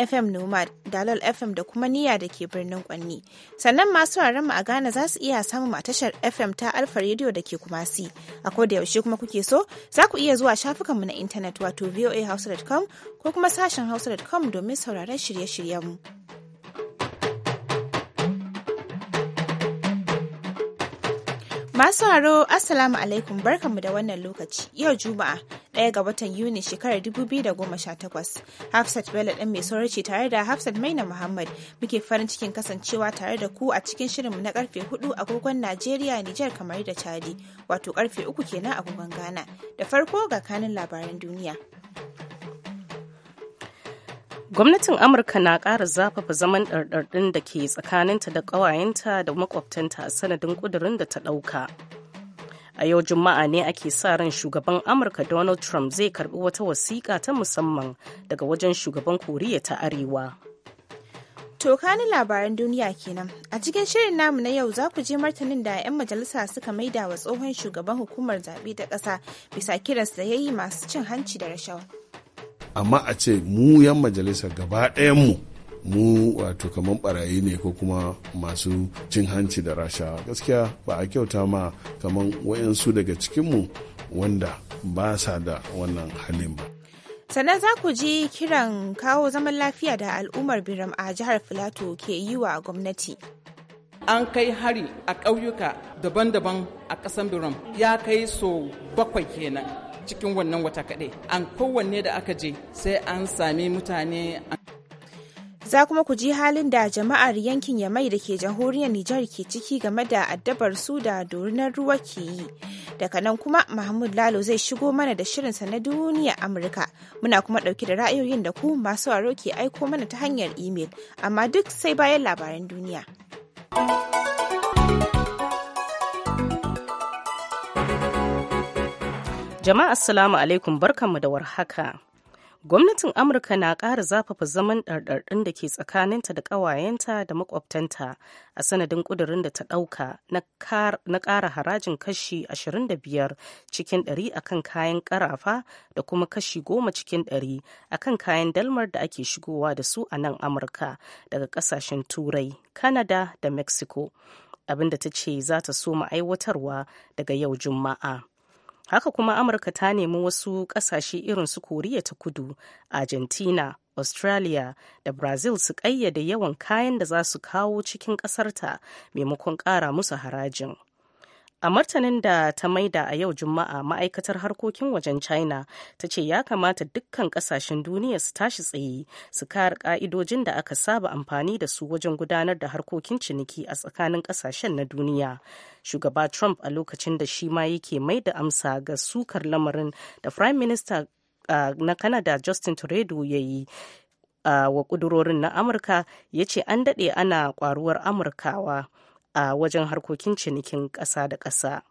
FM Nomad, Dalol FM da kuma Niyya da ke birnin Kwanni. Sannan masu mu a Ghana za su iya samun tashar FM ta Alfa Radio da ke Kumasi. A da yaushe kuma kuke so, za ku iya zuwa shafukanmu na intanet wato voahouse.com ko kuma sashen hausa.com domin sauraron shirye-shiryenmu. Masu haro Assalamu alaikum barkanmu da wannan lokaci yau Juma'a ɗaya ga watan Yuni shekarar 2018 Hafsat Bello ɗan mai sauraci tare da Hafsat Maina Muhammad muke farin cikin kasancewa tare da ku a cikin shirinmu na karfe 4 agogon Najeriya Nijar kamar da Chadi wato karfe 3 kenan agogon Ghana da farko ga kanin labaran duniya. Gwamnatin Amurka na ƙara zafafa zaman ɗarɗarɗin da ke tsakaninta da ƙawayenta da makwabtanta a sanadin ƙudurin da ta ɗauka. A yau Juma'a ne ake sa ran shugaban Amurka Donald Trump zai karɓi wata wasiƙa ta musamman daga wajen shugaban Koriya ta Arewa. To kani labaran duniya kenan. A cikin shirin namu na yau za ku je martanin da 'yan majalisa suka maida wa tsohon shugaban hukumar zaɓe ta ƙasa bisa kiransa da ya masu cin hanci da rashawa. amma a ce mu yan majalisa gaba mu mu wato kamar barayi ne ko kuma masu cin hanci da rasha gaskiya ba a kyauta ma kamar wayansu daga cikinmu wanda ba sa da wannan halin ba sannan za ku ji kiran kawo zaman lafiya da al'ummar biram a jihar filato ke yi wa gwamnati an kai hari a ƙauyuka daban-daban a ƙasar biram ya kai so bakwai kenan cikin wannan wata kaɗai an kowanne da aka je sai an sami mutane za kuma ku ji halin da jama'ar yankin yamai da ke jamhuriyar Nijar ke ciki game da addabar su da dorinar ruwa ke yi. Daga nan kuma Mahmud Lalo zai shigo mana da shirinsa na duniya Amurka. Muna kuma ɗauki da ra'ayoyin da ku masu aro ke aiko mana ta hanyar imel, amma duk sai bayan labaran duniya. Jama'a Assalamu alaikum barkanmu da warhaka. Gwamnatin Amurka na ƙara zafafa zaman ɗarɗarɗin da ke tsakaninta da ƙawayenta da makwabtanta a sanadin ƙudurin da ta ɗauka na ƙara harajin kashi 25 cikin 100 akan kayan ƙarafa da kuma kashi 10 cikin 100 akan kayan dalmar da ake shigowa da su a nan Amurka daga ƙasashen Turai, Kanada, da Mexico, abinda ta ce za ta so aiwatarwa daga yau Juma'a. haka kuma amurka ta nemi wasu kasashe irin su koriya ta kudu argentina australia da brazil su kayyade yawan kayan da za su kawo cikin ƙasarta maimakon ƙara musu harajin a martanin da ta maida a yau juma'a ma'aikatar harkokin wajen china ta ce ya kamata dukkan kasashen duniya su tashi tsaye su kare ka'idojin da aka saba amfani da su wajen gudanar da harkokin ciniki a tsakanin kasashen na duniya shugaba trump a lokacin da shi ma yake mai da amsa ga sukar lamarin da prime minister na canada justin trudeau ya yi wa kudurorin na amurka ya ce an daɗe ana kwaruwar amurkawa a wajen harkokin cinikin ƙasa da ƙasa.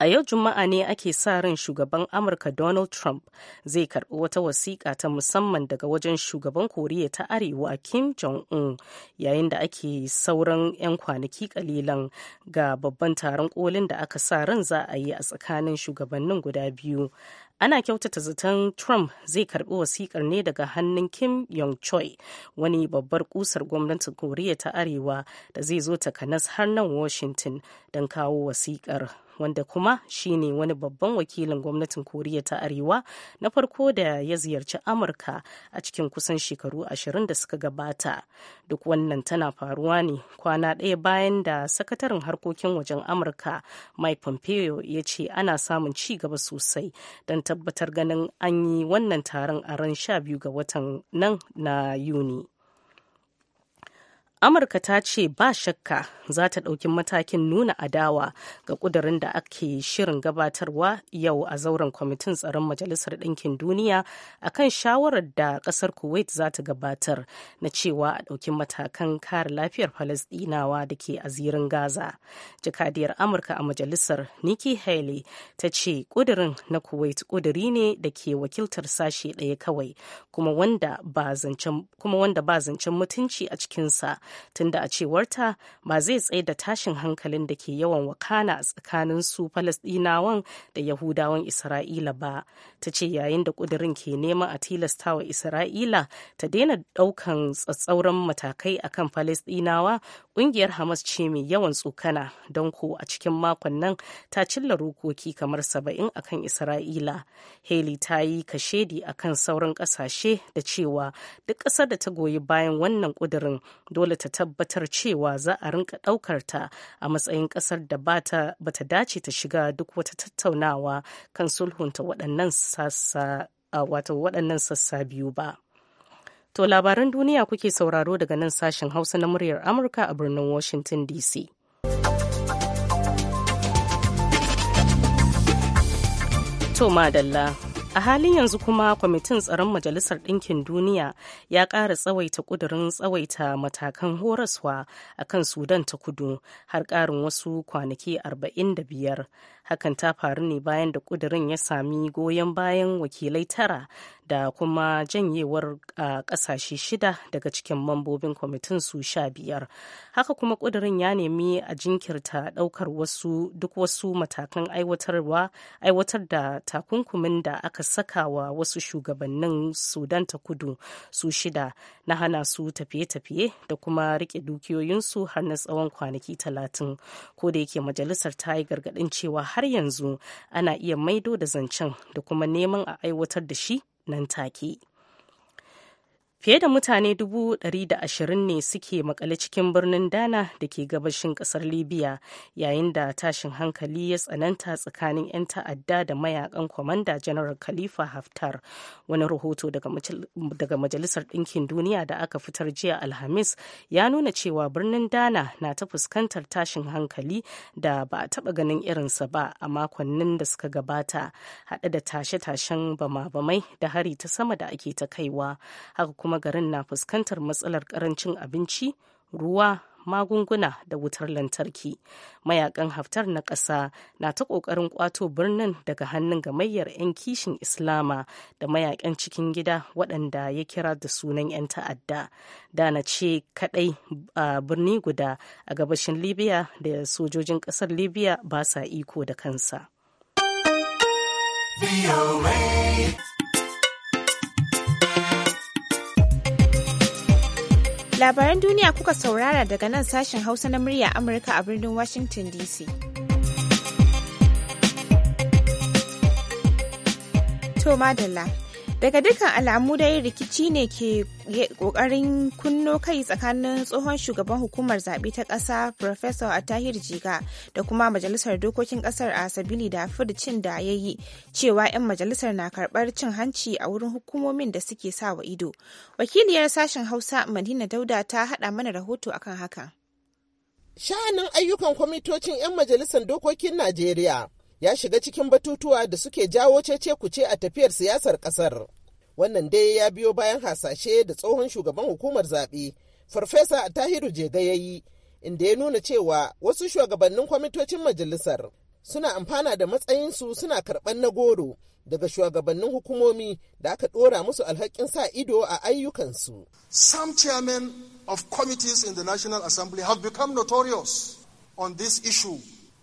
A yau Juma'a ne ake sa ran shugaban Amurka Donald Trump zai karɓi wata wasiƙa ta musamman daga wajen shugaban Koriya ta Arewa Kim Jong-un yayin da ake sauran 'yan kwanaki kalilan ga babban taron kolin da aka sa ran za a yi a tsakanin shugabannin guda biyu. ana kyautata zaton trump zai karbi wasikar ne daga hannun kim yong choi wani babbar kusar gwamnatin koriya ta arewa da zai zo takanas har nan washington don kawo wasikar wanda kuma shine wani babban wakilin gwamnatin koriya ta arewa na farko da ya ziyarci amurka a cikin kusan shekaru ashirin da suka gabata duk wannan tana faruwa ne kwana ɗaya bayan da sakataren harkokin wajen amurka mike pompeo ya ce ana samun ci gaba sosai don tabbatar ganin an yi wannan taron a ran sha biyu ga watan nan na yuni amurka ta ce ba shakka za ta ɗauki matakin nuna adawa ga ƙudurin da ake shirin gabatarwa yau a zauren kwamitin tsaron majalisar ɗinkin duniya a kan shawarar da ƙasar kuwait za ta gabatar na cewa a ɗauki matakan kare lafiyar falasɗinawa da ke azirin gaza jakadiyar amurka a majalisar nikki haley ta ce ƙudurin na kuwait ƙuduri ne da ke wakiltar sashe ɗaya kawai kuma wanda ba zancen mutunci a cikinsa tunda a cewarta ba zai tsaye da tashin hankalin da ke yawan wakana a tsakanin su Falasɗinawan da yahudawan isra'ila ba ta ce yayin da kudirin ke neman a tilasta wa isra'ila ta daina ɗaukan tsatsauran matakai akan Falasɗinawa. Ƙungiyar Hamas ce mai yawan tsokana don ko a cikin makon nan ta cilla rokoki kamar saba'in a kan Isra'ila. Haley ta yi kashedi a kan sauran ƙasashe da cewa duk ƙasar da ta goyi bayan wannan ƙudurin dole ta tabbatar cewa za a rinka ɗaukar ta a matsayin ƙasar da ba ta dace ta shiga duk wata tattaunawa kan sulhunta waɗannan sassa biyu ba. To labaran duniya kuke sauraro daga nan sashen Hausa na muryar Amurka a birnin Washington DC. To madalla. A halin yanzu kuma kwamitin tsaron Majalisar Ɗinkin Duniya ya ƙara tsawaita ƙudurin tsawaita matakan horaswa a kan Sudan ta kudu har ƙarin wasu kwanaki 45 hakan ta faru ne bayan da kudirin ya sami goyon bayan wakilai tara da kuma janyewar kasashe shida daga cikin mambobin kwamitin su sha biyar haka kuma kudirin ya nemi a jinkirta daukar wasu duk wasu matakan aiwatarwa aiwatar da takunkumin da aka saka wa wasu shugabannin sudan ta kudu su shida na hana su tafiye-tafiye da kuma rike dukiyoyinsu har na tsawon kwanaki talatin ko da yake majalisar ta yi gargadin cewa har yanzu ana iya maido da zancen da kuma neman a aiwatar da shi nan take. Fiye da mutane dubu ne suke makale cikin birnin Dana da ke gabashin kasar Libya yayin da tashin hankali ya tsananta tsakanin 'yan ta'adda da mayakan kwamanda General Khalifa Haftar. Wani rahoto daga Majalisar Ɗinkin Duniya da aka fitar jiya Alhamis ya nuna cewa birnin Dana na ta fuskantar tashin hankali da ba a taɓa ganin irinsa ba a makonnin da suka gabata, haɗe da tashe-tashen bama-bamai da hari ta sama da ake ta kaiwa. kuma garin na fuskantar matsalar karancin abinci ruwa magunguna da wutar lantarki mayakan haftar na ƙasa na ta ƙoƙarin ƙwato birnin daga hannun gamayyar 'yan kishin islama da mayakan cikin gida waɗanda ya kira da sunan 'yan ta'adda da na ce kaɗai a birni guda a gabashin libya da sojojin ƙasar libya ba sa iko da kansa. Labaran duniya kuka saurara daga nan sashen Hausa na murya Amurka a birnin Washington DC. To madalla. daga dukkan alamu dai rikici ne ke kokarin kunno kai tsakanin tsohon shugaban hukumar zaɓe ta ƙasa professor atahir jiga da kuma majalisar dokokin ƙasar a sabili da cin da ya yi cewa 'yan majalisar na karɓar cin hanci a wurin hukumomin da suke sa wa ido wakiliyar sashen hausa madina dauda ta haɗa mana rahoto akan haka. sha'anin ayyukan kwamitocin 'yan majalisar dokokin najeriya ya shiga cikin batutuwa da suke jawo cece kuce a tafiyar siyasar kasar. Wannan dai ya biyo bayan hasashe da tsohon shugaban hukumar zaɓe, Farfesa Tahiru Jega ya inda ya nuna cewa wasu shugabannin kwamitocin majalisar suna amfana da matsayinsu suna karɓar na goro daga shugabannin hukumomi da aka ɗora musu alhakin sa ido a ayyukansu. Some chairmen of committees in the National Assembly have become notorious on this issue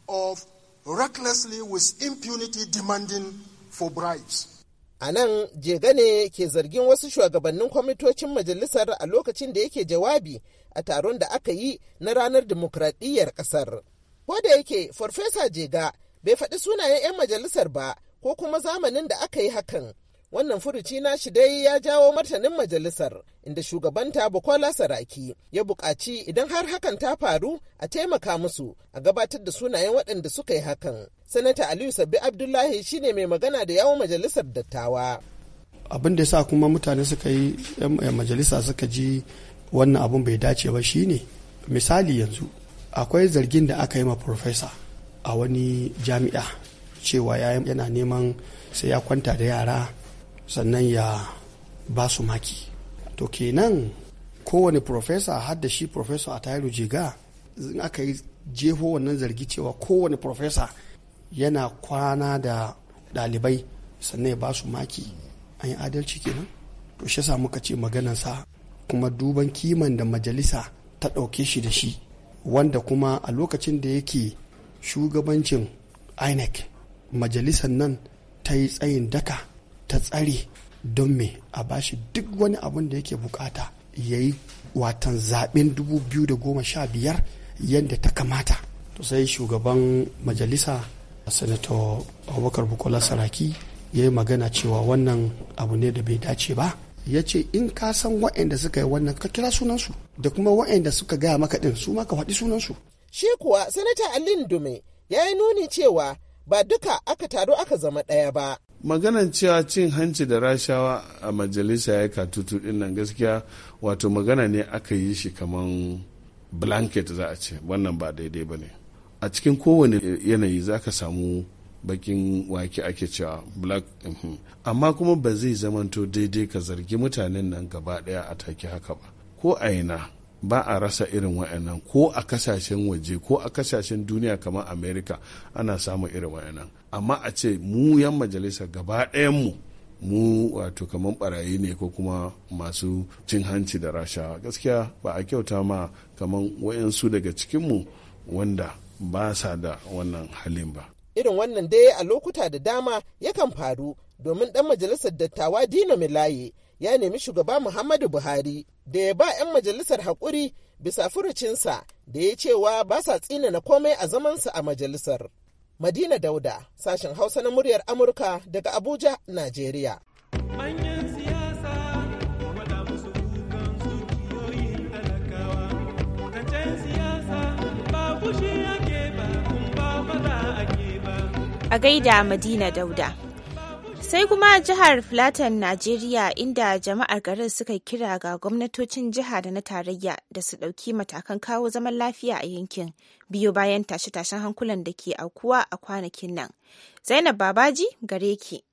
of recklessly with impunity demanding for bribes. A nan jega ne ke zargin wasu shugabannin kwamitocin majalisar a lokacin da yake jawabi a taron da aka yi na ranar demokradiyyar kasar Ko da yake Farfesa Jega bai faɗi sunayen 'yan majalisar ba ko kuma zamanin da aka yi hakan. Wannan furuci na shi dai ya jawo martanin majalisar inda shugabanta Bukola Saraki ya buƙaci idan har hakan ta faru a taimaka musu a gabatar da sunayen waɗanda suka yi hakan. Sanata Aliyu Sabbi Abdullahi shine mai magana da yawon majalisar dattawa. Abin da ya sa kuma mutane suka yi majalisa suka ji wannan abin bai dace ba shine misali yanzu akwai zargin da aka yi ma profesa a wani jami'a cewa yana neman sai ya kwanta da yara sannan ya ba su maki to kenan kowane profesa har da shi profesa a tayiru jiga in aka yi jeho wannan zargi cewa kowane profesa yana kwana da ɗalibai sannan ya ba su maki an yi adalci kenan to shi sa muka ce maganansa kuma duban kiman da majalisa ta ɗauke shi da shi wanda kuma a lokacin da yake shugabancin inec majalisar nan ta yi tsayin daka ta tsare don me a bashi duk wani abun da yake bukata ya yi watan zaben 2015 yadda ta kamata to sai shugaban majalisa senator abubakar bukola saraki ya yi magana cewa wannan abu ne da bai dace ba ya ce in ka san wa'anda suka yi wannan ka kira sunansu da kuma wa'anda suka gaya maka din su ma ka faɗi sunansu shi kuwa sanata alin dume ya yi nuni cewa ba duka aka taru aka zama ɗaya ba maganan cewa cin hanci da rashawa a majalisa ya katutu din nan gaskiya wato magana ne aka yi shi kamar blanket za a ce wannan ba daidai ba ne a cikin kowane yanayi za ka samu bakin wake ake cewa black mhm. amma kuma ba zai zamanto daidai ka zargi mutanen nan gaba daya a take haka ba ko a ina ba a rasa irin wa'annan ko a kasashen waje ko a kasashen duniya kamar america ana samun irin wa'annan amma a ce mu yan majalisa gaba mu mu wato kamar barayi ne ko kuma masu cin hanci da rashawa gaskiya ba a kyauta ma kamar wayansu daga cikinmu wanda ba sa da wannan halin ba irin wannan dai a lokuta da dama yakan faru domin dan majalisar dattawa dino milaye ya nemi shugaba Muhammadu Buhari da ya ba 'yan majalisar haƙuri bisa furucinsa da ya cewa ba sa tsinana komai a zamansa a majalisar. Madina Dauda, sashen Hausa na muryar Amurka daga Abuja, Najeriya. A gaida Madina Dauda. Sai kuma jihar flatan Najeriya inda jama'ar garin suka kira ga gwamnatocin jiha da na tarayya da su ɗauki matakan kawo zaman lafiya a yankin biyu bayan tashe-tashen hankulan da ke aukuwa a kwanakin nan. Zainab Babaji gare ki.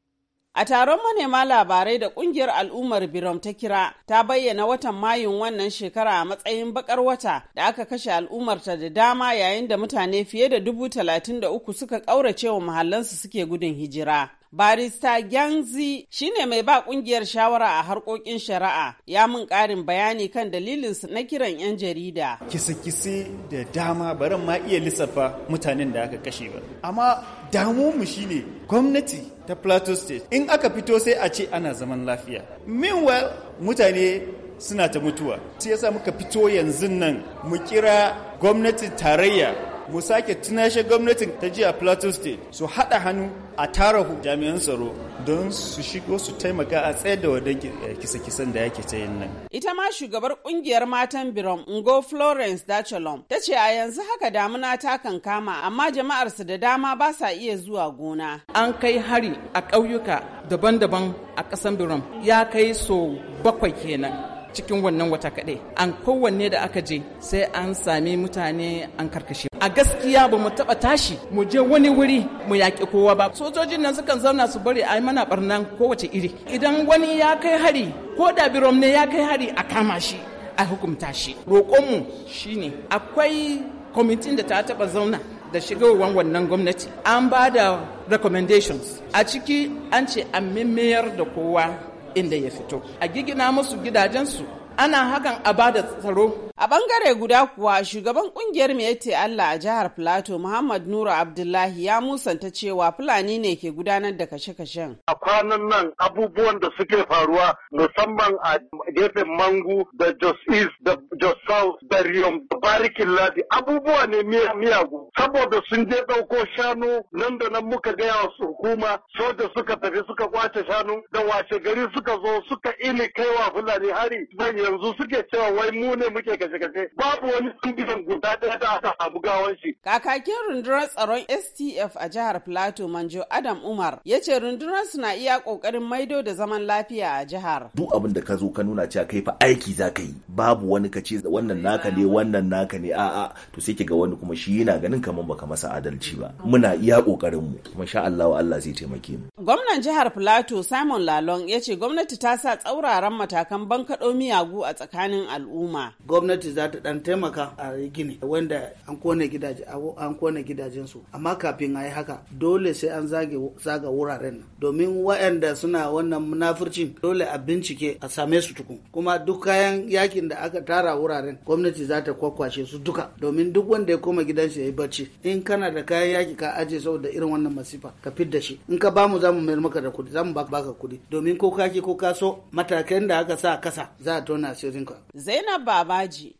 A taron manema labarai da kungiyar al'ummar Birom ta kira ta bayyana watan Mayun wannan shekara a matsayin bakar wata da aka kashe al'ummarta da dama yayin da mutane fiye da dubu talatin da uku suka ƙaurace wa mahallansu suke gudun hijira. Barista Gyanzi shine mai ba kungiyar shawara a harkokin shari'a ya mun karin bayani kan dalilin na kiran 'yan jarida. kisa kisi da dama baran ma iya lissafa mutanen da aka kashe ba. Amma damu mu shine gwamnati ta Plateau State in aka fito sai a ce ana zaman lafiya. Meanwhile mutane suna ta mutuwa. Sai yasa muka fito yanzu nan mu kira gwamnati tarayya mu sake tunashe gwamnatin ta jiya plateau state su haɗa hannu a tara jami'an tsaro don su shigo su taimaka a tsayar da wadon eh, kisa-kisan da yake ta yin nan. Ita ma shugabar kungiyar matan Biron Ngo Florence Dachalom ta ce a yanzu haka damuna ta kankama amma jama'ar da dama ba sa iya zuwa gona. An kai hari a ƙauyuka daban-daban a ƙasan Biron ya kai so bakwai kenan. cikin wannan wata kaɗai an kowanne da aka je sai an sami mutane an karkashe a gaskiya ba mu taɓa tashi mu je wani wuri mu yaƙi kowa ba sojojin nan sukan zauna su bari a yi mana ɓarnan kowace iri idan wani ya kai hari ko da birom ne ya kai hari a kama shi a hukumta shi roƙonmu shine akwai kwamitin da ta taɓa zauna da shigowar wannan gwamnati an ba da recommendations a ciki an ce a mimmiyar da kowa inda ya fito a gigina musu gidajensu ana hakan a bada tsaro. A bangare guda kuwa shugaban kungiyar Mete Allah a jihar Filato Muhammad Nura Abdullahi ya musanta cewa Fulani ne ke gudanar da kashe-kashen. A kwanan nan abubuwan da suke faruwa musamman a gefen Mangu da Jos East da Jos South da Riyom da Barikin Ladi abubuwa ne miyagu saboda sun je ɗauko shanu nan da nan muka gaya wa hukuma soja suka tafi suka kwace shanu da washe gari suka zo suka ini kaiwa Fulani hari. Zan yanzu suke cewa wai mu ne muke kashe-kashe babu wani tungisan guda ɗaya da aka samu gawan shi. Kakakin rundunar tsaron STF a jihar Plateau Manjo Adam Umar ya ce rundunar su na iya ƙoƙarin maido da zaman lafiya a jihar. Duk abin da ka zo ka nuna cewa kai fa aiki za ka yi babu wani ka ce wannan naka ne wannan naka ne a'a to sai ki ga wani kuma shi yana ganin kamar baka masa adalci ba. Muna iya ƙoƙarin mu kuma sha Allah Allah zai taimake mu. Gwamnan jihar Plateau Simon Lalong ya ce gwamnati ta sa tsauraran matakan bankaɗo miyagu a tsakanin al'umma. Gwamnati za ta dan taimaka a gini wanda an kone gidaje an kone gidajensu amma kafin a yi haka dole sai an zage zaga wuraren domin waɗanda suna wannan munafurcin dole a bincike a same su tukun kuma duk kayan yakin da aka tara wuraren gwamnati za ta kwakwashe su duka domin duk wanda ya koma gidansa ya yi bacci in kana da kayan yaki ka aje saboda irin wannan masifa ka fidda shi in ka bamu za mu mayar maka da kuɗi za mu baka kuɗi domin ko kake ko ka matakan da aka sa kasa za a tona ka. Zainab Babaji.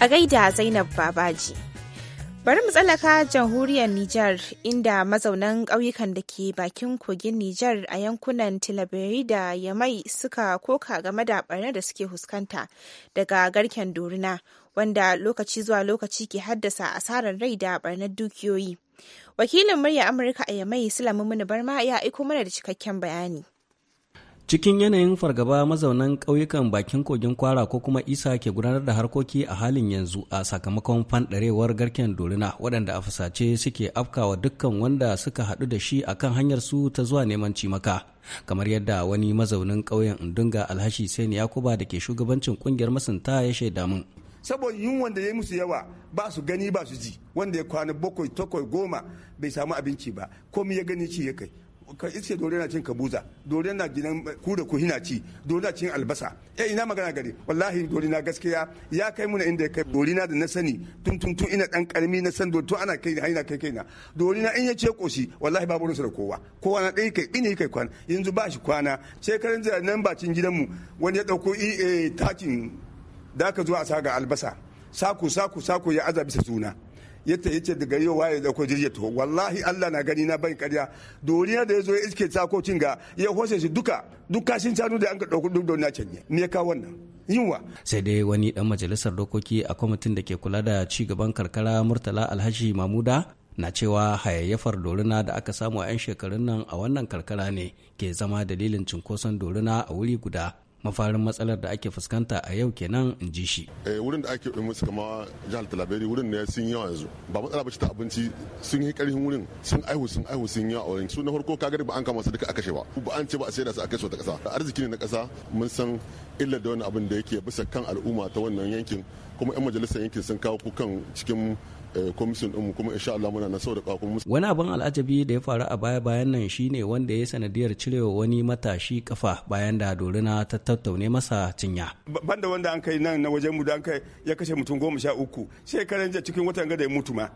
A gaida Zainab Babaji. Bari mu tsallaka jamhuriyar Nijar inda mazaunan ƙauyukan da ke bakin kogin Nijar a yankunan Tilabiri da Yamai suka koka game da ɓarnar da suke huskanta daga garken doruna wanda lokaci zuwa lokaci ke haddasa asarar rai da ɓarnar dukiyoyi. Wakilin murya Amurka a Yamai Sulamu Muni Barma ya aiko mana da cikakken bayani. Cikin yanayin fargaba mazaunan ƙauyukan bakin kogin kwara ko kuma isa ke gudanar da harkoki a halin yanzu a sakamakon fanɗarewar garken dorina waɗanda a fusace suke afkawa dukkan wanda suka haɗu da shi akan hanyar su ta zuwa neman cimaka. Kamar yadda wani mazaunin ƙauyen dinga Alhashi saini Yakuba da ke shugabancin ƙungiyar masunta ya shaida mun. saboda yin da ya musu yawa ba su gani ba su ji wanda ya kwana bakwai takwai goma bai samu abinci ba komai ya gani ci ya kai ka iske dore na cin kabuza dore na gidan ku da ku hina ci dore na cin albasa eh ina magana gari wallahi dore na gaskiya ya kai muna inda ya kai dore na da na sani tun tun tun ina dan karmi na san dore ana kai haina kai kaina dore na in ya ce koshi wallahi babu rusa da kowa kowa na dai kai ina kai kwana yanzu ba shi kwana sai jira nan bacin gidanmu wani ya dauko eh, eh, takin da ka zo a saga albasa saku saku saku ya aza bisa juna yace yace daga yau waye da ko jirje to wallahi Allah na gani na bai karya doriya da yazo ya iske sakocin ga ya hose shi duka duk kashin canu da an ka dauko duk dona canye ne ka wannan yinwa sai dai wani dan majalisar dokoki a kwamitin da ke kula da ci gaban karkara Murtala Alhaji Mamuda na cewa hayayyafar doruna da aka samu a 'yan shekarun nan a wannan karkara ne ke zama dalilin cunkoson doruna a wuri guda mafarin matsalar da ake fuskanta a yau kenan in ji shi eh, wurin da ake musu kama jihar talabari wurin ne sun yawa yanzu ba matsala ba ta abinci sun yi karfin wurin sun aihu sun aihu sun yawa wurin su na farko ka gari ba an kama su duka aka ba ba an ce ba a sai da su su ta kasa arziki ne na kasa mun san illar da wani abin da yake bisa kan al'umma ta wannan yankin kuma 'yan majalisar yankin sun kawo kukan cikin Eh, komishin ɗinmu kuma insha Allah muna na sau da kuma wani abin al'ajabi da ya faru a baya bayan nan shine wanda ya sanadiyar cirewa wani matashi kafa bayan da Doruna ta tattaune masa cinya banda wanda an kai nan na wajen mu da an kai ya kashe mutum goma sha uku shekaran jiya cikin watan gada ya mutu ma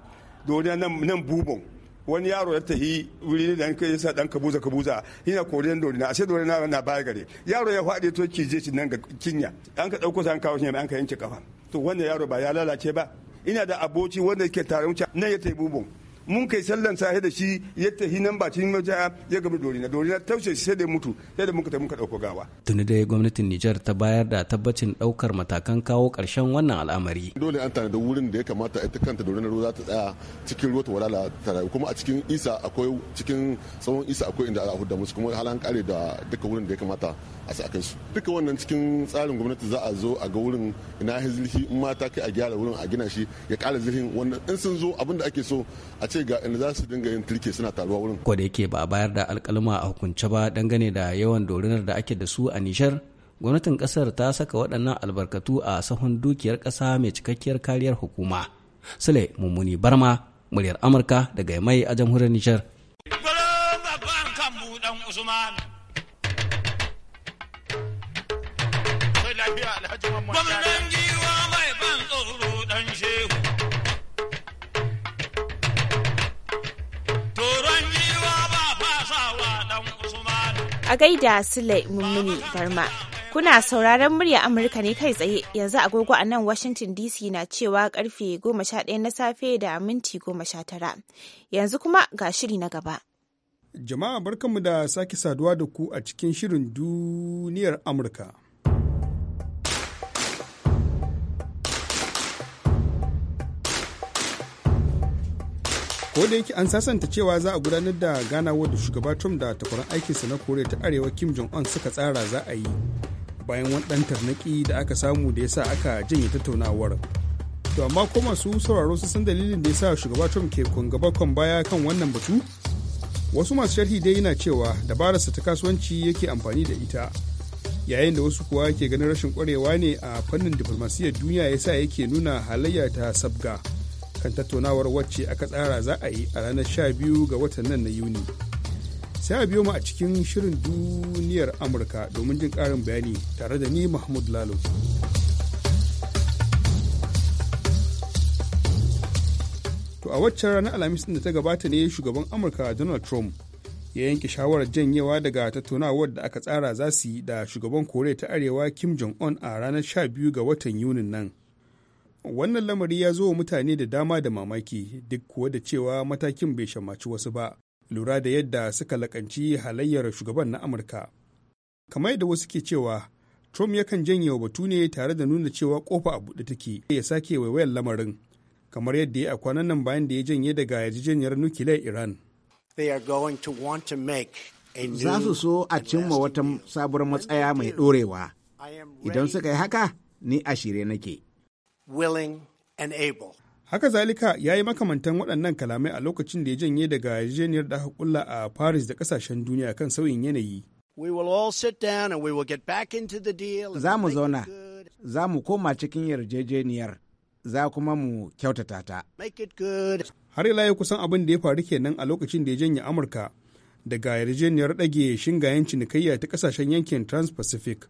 Doruna nan bubon wani yaro ya tafi wuri da an kai sa dan kabuza kabuza yana koriyar na ashe dole na baya gare yaro ya faɗi to kije shi nan ga kinya an ka ɗauko sa an kawo shi an ka yanke kafa to wannan yaro ba ya lalace ba ina da aboci wanda ke tare wuce nan ya tayi bubun mun kai sallan sahi da shi ya tafi nan ba cikin maja ya gami dorina dorina taushe sai da mutu sai da muka tafi muka dauko gawa tuni dai gwamnatin Nijar ta bayar da tabbacin daukar matakan kawo karshen wannan al'amari dole an tana da wurin da ya kamata ita kanta na ruwa ta tsaya cikin ruwa ta walala ta rayu kuma a cikin isa akwai cikin tsawon isa akwai inda a hudda musu kuma halan kare da duka wurin da ya kamata a sa su duka wannan cikin tsarin gwamnati za a zo a ga wurin ina zirhi in mata kai a gyara wurin a gina shi ya kara zirhin wannan in sun zo abin da ake so a ce ce ga inda za su dinga yin turke suna taruwa wurin ko da yake ba bayar da alkalma a hukunce ba dangane da yawan dorinar da ake da su a nishar gwamnatin kasar ta saka waɗannan albarkatu a sahun dukiyar kasa mai cikakkiyar kariyar hukuma sule mummuni barma muryar amurka daga mai a jamhuriyar nishar gwamnan a gaida Sule Mummuni Barma. Kuna sauraron murya Amurka ne kai tsaye yanzu agogo a nan Washington DC na cewa karfe 11 na safe da minti 19. Yanzu kuma ga shiri na gaba. Jama'a barkanmu da sake saduwa da ku a cikin shirin duniyar Amurka. ko da yake an sasanta cewa za a gudanar da ganawar da shugaba trump da takwaran aikinsa na koriya ta arewa kim jong un suka tsara za a yi bayan wani ɗan tarnaki da aka samu da ya sa aka janye tattaunawar to amma ko masu sauraro su san dalilin da ya sa shugaba trump ke kwan baya kan wannan batu wasu masu sharhi dai yana cewa dabararsa ta kasuwanci yake amfani da ita yayin da wasu kuwa ke ganin rashin kwarewa ne a fannin diflomasiyyar duniya ya sa yake nuna halayya ta sabga kan tattaunawar wacce aka tsara za a yi a ranar 12 ga watan nan na yuni sai a biyo mu a cikin shirin duniyar amurka domin jin ƙarin bayani tare da ni mahmud lalo to a waccan ranar alhamis da ta gabata ne shugaban amurka donald trump ya yanke shawarar janyewa daga tattaunawar da aka tsara za su yi da shugaban koriya ta arewa kim jong-un a ranar 12 ga watan yunin nan wannan lamari ya zo wa mutane da dama da mamaki duk kuwa da cewa matakin bai shamaci wasu ba lura da yadda suka lakanci halayyar shugaban na amurka kamar yadda wasu ke cewa trump yakan janye wa batu ne tare da nuna cewa kofa a buɗe take ya sake waiwayar lamarin kamar yadda ya a kwanan nan bayan da ya janye daga yarjejeniyar nukiliyar iran za su so a cimma wata sabuwar matsaya mai ɗorewa idan suka yi haka ni a shirye nake willing, and able. Haka zalika ya yi makamantan waɗannan kalamai a lokacin da ya janye daga yarjejeniyar da aka kulla a Paris da kasashen duniya kan sauyin yanayi. sit down back Za mu zauna, za mu koma cikin yarjejeniyar, za kuma mu kyautata ta. Har ila yau kusan abin da ya faru kenan a lokacin da ya janye Amurka daga yarjejeniyar ɗage shingayen cinikayya ta ƙasashen yankin Trans-Pacific.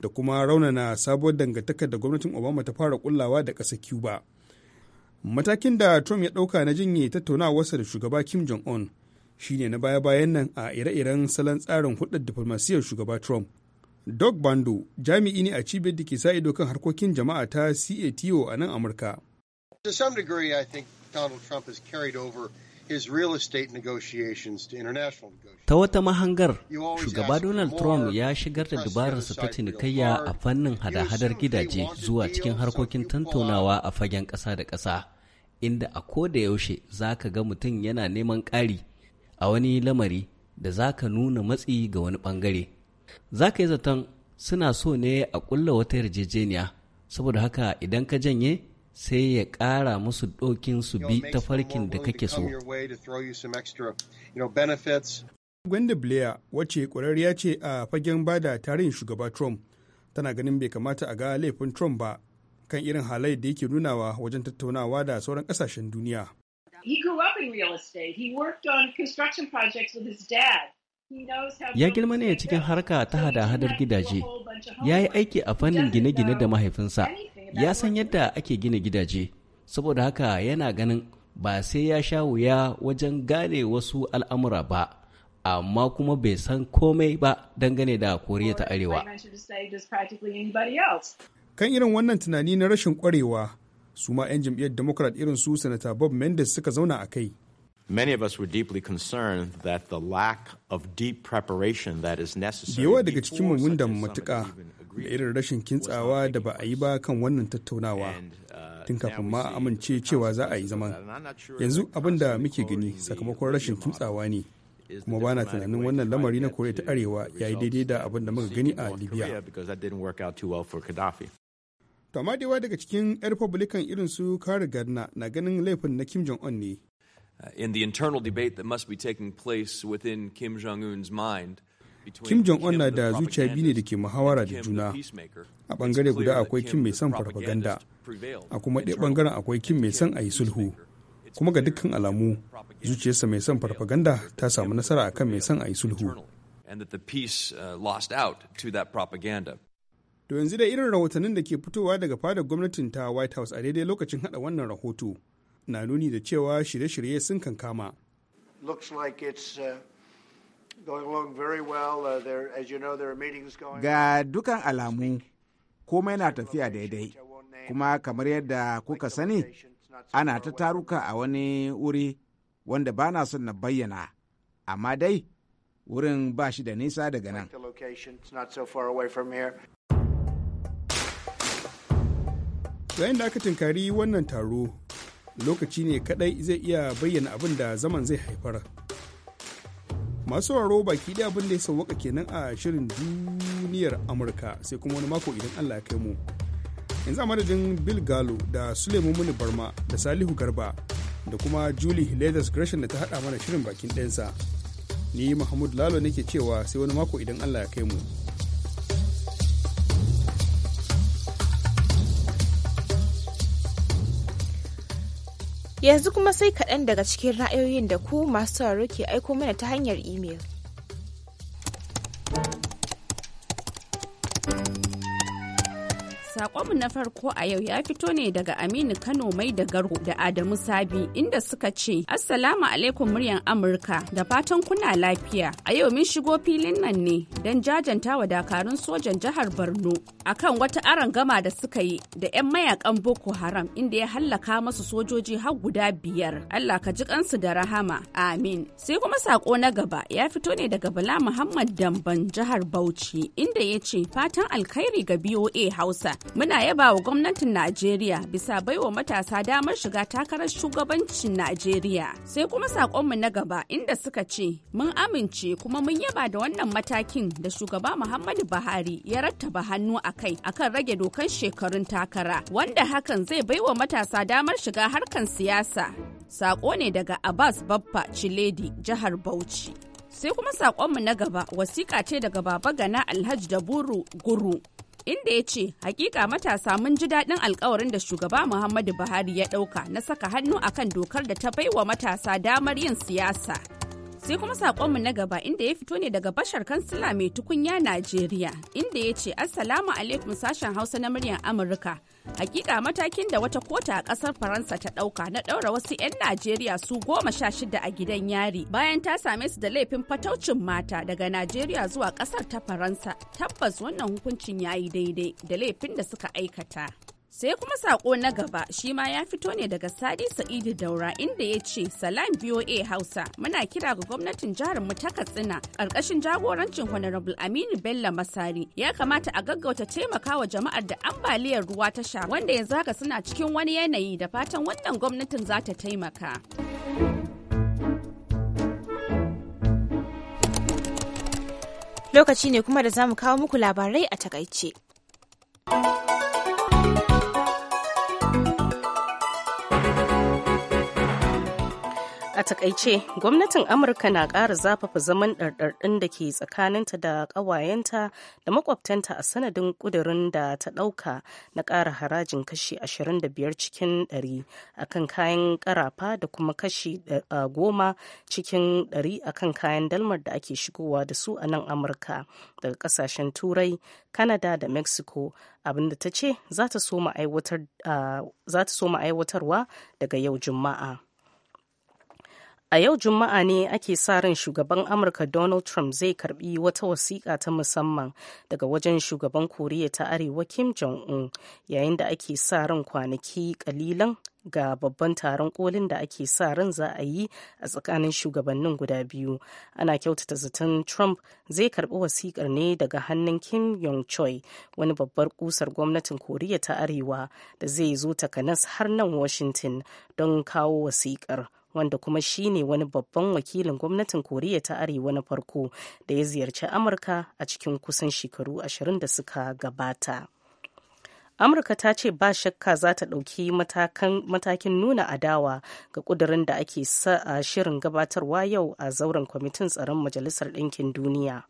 da kuma raunana sabuwar dangantakar da gwamnatin obama ta fara kullawa da kasa cuba matakin da trump ya ɗauka na jinye tattaunawarsa da shugaba kim jong-un shine na baya-bayan nan a ire-iren salon tsarin hudar diflomasiyyar shugaba trump dog bando jami'i ne a cibiyar da ke sa ido kan harkokin jama'a ta cato a nan amurka to some degree i think donald trump has carried over Ta wata mahangar, shugaba Donald Trump ya shigar da dabararsa ta cinikayya a fannin hada-hadar gidaje zuwa cikin harkokin tantaunawa a fagen ƙasa da ƙasa, inda a ko da yaushe za ka ga mutum yana neman ƙari a wani lamari da za ka nuna matsi ga wani ɓangare. Za ka yi zaton suna so ne a ƙulla wata yarjejeniya, saboda haka idan ka janye sai ya ƙara musu ɗokin su bi farkin da kake so. Gwenda Blair wacce ƙwararriya ce a fagen bada tarihin shugaba Trump tana ganin bai kamata a ga laifin Trump ba kan irin halai da yake nunawa wajen tattaunawa da sauran ƙasashen duniya. Ya girma ne cikin harka ta hada-hadar gidaje, ya yi aiki a fannin gine-gine da mahaifinsa, ya san yadda ake gina gidaje saboda haka yana ganin ba sai ya sha wuya wajen gane wasu al'amura ba amma kuma bai san komai ba dangane da koriya ta arewa kan irin wannan tunani na rashin kwarewa su ma 'yan jam'iyyar democrat irin su sanata bob mendes suka zauna a kai Many of us were deeply concerned that the lack of deep preparation that is necessary. Yawa daga cikin mun da matuƙa da irin rashin kintsawa da ba a yi ba kan wannan tattaunawa tun kafin ma amince cewa za a yi zama yanzu abin da muke gani sakamakon rashin kintsawa ne kuma ba na tunanin wannan lamari na koriya ta arewa ya yi daidai da abin da muka gani a libya to amma daga cikin 'yan republican irin su kare gardner na ganin laifin na kim jong-un ne in the internal debate that must be taking place within kim jong-un's mind kim jong un na da zuciya biyu ne da ke muhawara da juna a bangare guda akwai kim mai son farfaganda a kuma ɗaya bangaren akwai kim mai son a yi sulhu kuma ga dukkan alamu zuciyarsa mai son farfaganda ta samu nasara akan mai son a yi sulhu uh, To yanzu da irin rahotannin da ke fitowa daga fadar gwamnatin ta White House a daidai lokacin hada wannan rahoto na nuni da cewa shirye-shirye sun kankama. Looks like it's uh, Uh, Ga dukan alamu, komai na tafiya daidai, kuma kamar yadda kuka sani, ana ta taruka a wani wuri wanda ba na son na bayyana, amma dai wurin ba shi da nisa daga nan. Yayin da aka tunkari wannan taro, lokaci ne kadai zai iya bayyana abin da zaman zai haifar. masu sauraro baki da abin da ya sauwaka kenan a shirin duniyar amurka sai kuma wani mako idan allah ya kai mu yanzu a madadin bill gallo da suleiman muni barma da salihu garba da kuma julie leathers gresham da ta haɗa mana shirin bakin ɗansa ni mahmud lalo nake cewa sai wani mako idan allah ya kai mu Yanzu kuma sai kaɗan daga cikin ra'ayoyin da ku masu sauraro ke aiko mana ta hanyar imel. Sakonmu na farko a yau ya fito ne daga Aminu Kano mai da Garo da Adamu Sabi inda suka ce Assalamu alaikum muryan Amurka da fatan kuna lafiya. A yau mun shigo filin nan ne don jajanta wa dakarun sojan jihar Borno akan wata gama da suka yi da 'yan mayakan Boko Haram inda ya hallaka masu sojoji har guda biyar. Allah ka ji kansu da rahama. Amin. Sai kuma sako na gaba ya fito ne daga Bala Muhammad Damban jihar Bauchi inda ya ce fatan alkhairi ga BOA Hausa Muna yaba wa gwamnatin Najeriya bisa baiwa matasa damar shiga takarar shugabancin Najeriya. Sai kuma saƙonmu na gaba inda suka ce, mun amince kuma mun yaba da wannan matakin da shugaba Muhammadu Buhari ya rattaba hannu a kai akan rage dokan shekarun takara, wanda hakan zai baiwa matasa damar shiga harkan siyasa. Saƙo ne daga Abbas Baffa Chiledi, jihar Bauchi. sai kuma saƙonmu na gaba wasiƙa ce daga baba gana alhaji da buru guru inda ya ce hakika matasa mun ji daɗin alkawarin da shugaba muhammadu buhari ya ɗauka na saka hannu akan dokar da ta baiwa matasa damar yin siyasa sai kuma saƙonmu na gaba inda ya fito ne daga bashar kansila mai tukunya najeriya inda ya ce assalamu alaikum sashen hausa na muryar amurka hakika matakin da wata kota a kasar faransa ta dauka na daura wasu 'yan najeriya su goma sha shida a gidan yari bayan ta same su da laifin fataucin mata daga najeriya zuwa kasar ta faransa tabbas wannan hukuncin ya yi daidai da laifin da suka aikata sai kuma sako na gaba shi ma ya fito ne daga sadi sa'idu daura inda ya ce salam boa hausa muna kira ga gwamnatin jihar mu ta katsina karkashin jagorancin honorable aminu bello masari ya kamata a gaggauta taimakawa jama'ar da ambaliyar ruwa ta sha wanda yanzu haka suna cikin wani yanayi da fatan wannan gwamnatin za ta taimaka. Lokaci ne kuma da za mu kawo muku labarai a takaice. A takaice, gwamnatin Amurka na ƙara zafafa zaman ɗarɗarɗin da ke tsakaninta da ƙawayenta da makwabtanta a sanadin ƙudurin da ta ɗauka na ƙara harajin kashi 25 cikin 100 a kan kayan ƙarafa da kuma kashi 10 eh, cikin 100 a kan kayan dalmar da ake shigowa da su a nan Amurka daga ƙasashen Turai, kanada da Mexico, abinda ta ce za ta so ah, aiwatarwa daga yau Juma'a. A yau Juma'a ne ake sa ran shugaban Amurka Donald Trump zai karbi wata wasiƙa ta musamman daga wajen shugaban Koriya ta Arewa Kim Jong-un yayin da ake sa ran kwanaki kalilan ga babban taron kolin da ake sa ran za a yi a tsakanin shugabannin guda biyu ana kyautata zaton trump zai karbi wasiƙar ne daga hannun kim yong choi wani babbar kusar gwamnatin koriya ta arewa da zai zo takanas har nan washington don kawo wasiƙar. wanda kuma shine wani babban wakilin gwamnatin koriya ta arewa na farko da ya ziyarci amurka a cikin kusan shekaru ashirin da suka gabata amurka ta ce ba shakka za ta ɗauki matakin nuna adawa ga ƙudurin da ake sa a shirin gabatarwa yau a zauren kwamitin tsaron majalisar ɗinkin duniya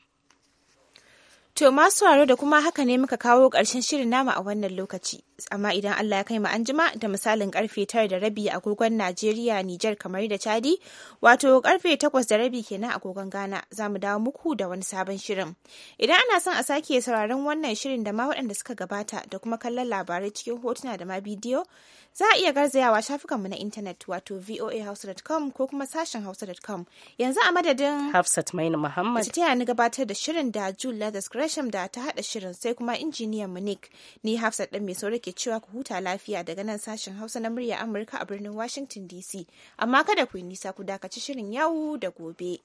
To masu sauraro da kuma haka ne muka kawo ƙarshen shirin namu a wannan lokaci. Amma idan Allah ya kai mu anjima da misalin karfe tara da rabi a gogon Najeriya, Nijar kamar da Chadi, wato karfe takwas da rabi kenan a gogon Ghana za mu dawo muku da wani sabon shirin. Idan ana son a sake sauraron wannan shirin da ma waɗanda suka gabata da kuma kallon labarai cikin hotuna da ma bidiyo, za a iya garzayawa shafukanmu na intanet wato voahouse.com ko kuma sashen hausa.com. Yanzu a madadin Hafsat Maina Muhammad. Ta ni gabatar da shirin da Julia Gresham da ta haɗa shirin sai kuma injiniyan munich ne Ni Hafsat ɗan mai sauri ke cewa ku huta lafiya daga nan sashen Hausa na murya Amurka a birnin Washington DC. Amma kada ku yi nisa ku dakaci shirin yau da gobe.